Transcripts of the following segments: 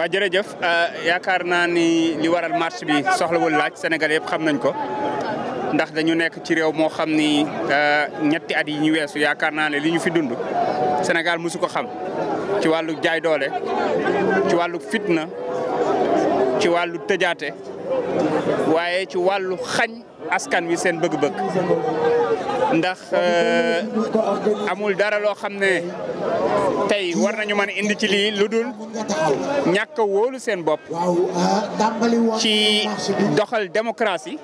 waaw jërëjëf euh, yaakaar naa ni li waral marche bi soxlawul laaj Sénégal yëpp xam nañ ko ndax dañu nekk ci réew moo xam ni euh, ñetti at yi ñu weesu yaakaar naa ne li ñu fi dund Sénégal mosu ko xam ci wàllu jaay doole ci wàllu fitna ci wàllu tëjaate waaye ci wàllu xañ askan wi seen bëgg-bëgg ndax euh, amul dara loo xam ne tey war nañu mën a indi ci lii lu dul ñàkk a wóolu seen bopp ci doxal démocratie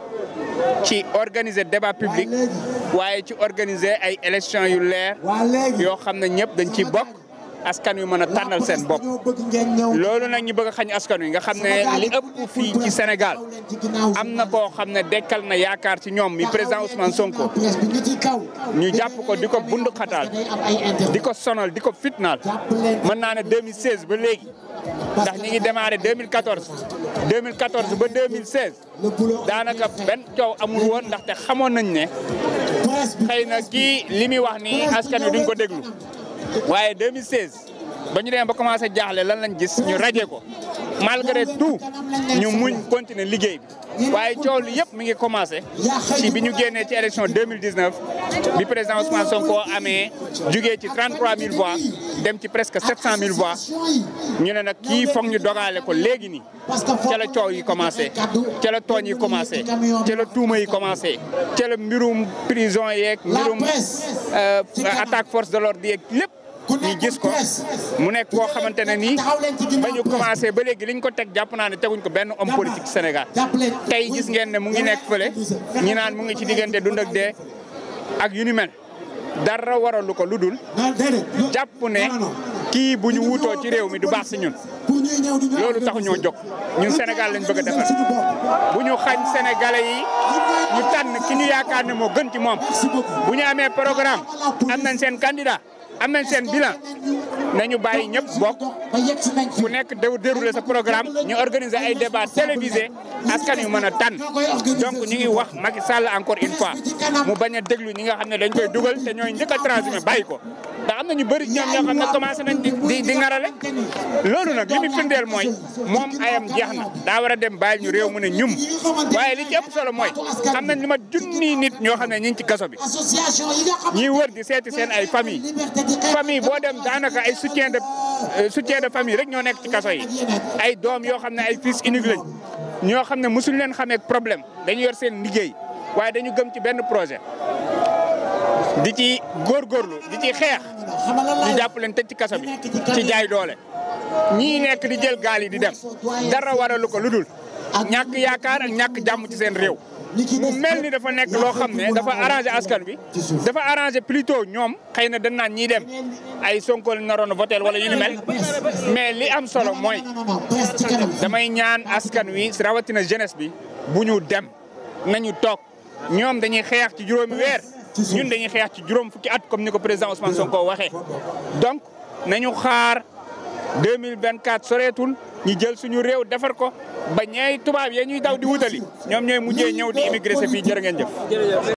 ci organiser débat public waaye ci organiser ay élections yu leer yoo xam ne ñëpp dañ ci bokk. askan wi mën a tànnal seen bopp loolu nag ñu bëgg a xañ askan wi nga xam ne li ëpp fii ci Sénégal am na koo xam ne dekkal na yaakaar ci ñoom mi président Ousmane Sonko ñu jàpp ko di ko bund xataal di ko sonal di ko fitnaal mën naa ne 2016 ba léegi ndax ñi ngi démarré 2014 2014 ba 2016 daanaka benn coow amul woon ndaxte xamoon nañ ne xëy na kii li muy wax ni askan wi duñ ko déglu waaye 2016 ba ñu demee ba commencé jaaxle lan lañ gis ñu raje ko malgré tout ñu muñ continuer liggéey bi waaye coow li yëpp mi ngi commencé ci bi ñu génnee ci élection 2019 bi président Ousmane Sonko amee jugee ci 33000 voix. dem ci presque 700000 voix ñu ne nag kii foog ñu dogaale ko léegi nii ca la coow yi commencé ca la tooñ yi commencé ca la tuuma yi commencé ca la mbirum prison yeeg mbirum euh, attaque force de l'ordre yeeg lépp ñu gis ko mu nekk koo xamante ne nii ba ñu commencé ba léegi liñ ko teg jàpp naa ne teguñ ko benn om politique Sénégal tey gis ngeen ne mu ngi nekk fële ñi naan mu ngi ci diggante dund ak de ak yu ni mel dara waralu ko lu dul ah, jàpp ne kii bu ñu wuutoo ci réew mi du baax si ñun loolu taxu ñoo jóg ñun Sénégal lañ bëgg a defar bu ñu xañ sénégalais yi ñu tànn ki ñu yaakaar ne moo gën ci moom bu ñu amee programme am nañ seen candidat am nañ seen bilan nañu bàyyi ñëpp bokk ku nekk déroulé sa programme ñu organiser ay débat télévisé askan yu mën a tànn donc ñu ngi wax Macky Sall encore une mu bañ a déglu ñi nga xam ne dañ koy dugal te ñooy njëkk a transhumé bàyyi ko ndax am na ñu bëri ñoom ñoo xam ne commencé nañ di di di ngarale loolu nag li mu firndeel mooy moom ayam jeex na daa war dem bàyyi ñu réew mu ne ñum waaye li ci ëpp solo mooy am nañ li ma junni nit ñoo xam ne ñi ci kaso bi ñi famille boo dem daanaka ay soutien de euh, soutien de famille rek ñoo nekk ci kaso yi ay doom yoo xam ne ay fils unique ñoo xam ne mosuñ leen xamee problème dañu yor seen liggéey waaye dañu gëm ci benn projet di ci góorlu di ci xeex ñu jàpp leen te ci kaso bi ci jaay doole ñii nekk di jël gaal yi di dem dara waralu ko lu dul ñàkk yaakaar ak ñàkk jàmm ci seen réew. mu mel ni dafa nekk loo xam ne dafa arrangé askan bi dafa arrangé plutôt ñoom xëy na dañ naan ñiy dem ay Sonko la naroon votel wala ñu ni mel mais li am solo mooy damay ñaan askan wi rawatina jeunesse bi bu ñu dem nañu toog ñoom dañuy xeex ci juróomi weer ñun dañuy xeex ci juróom fukki at comme ni ko président Ousmane Sonko waxee donc nañu xaar 2024 soreetul ñu jël suñu réew defar ko ba ñeey tubaab yee ñuy daw di wutali ñoom ñooy mujjee ñëw di immigré fii jërë ngeen jëf.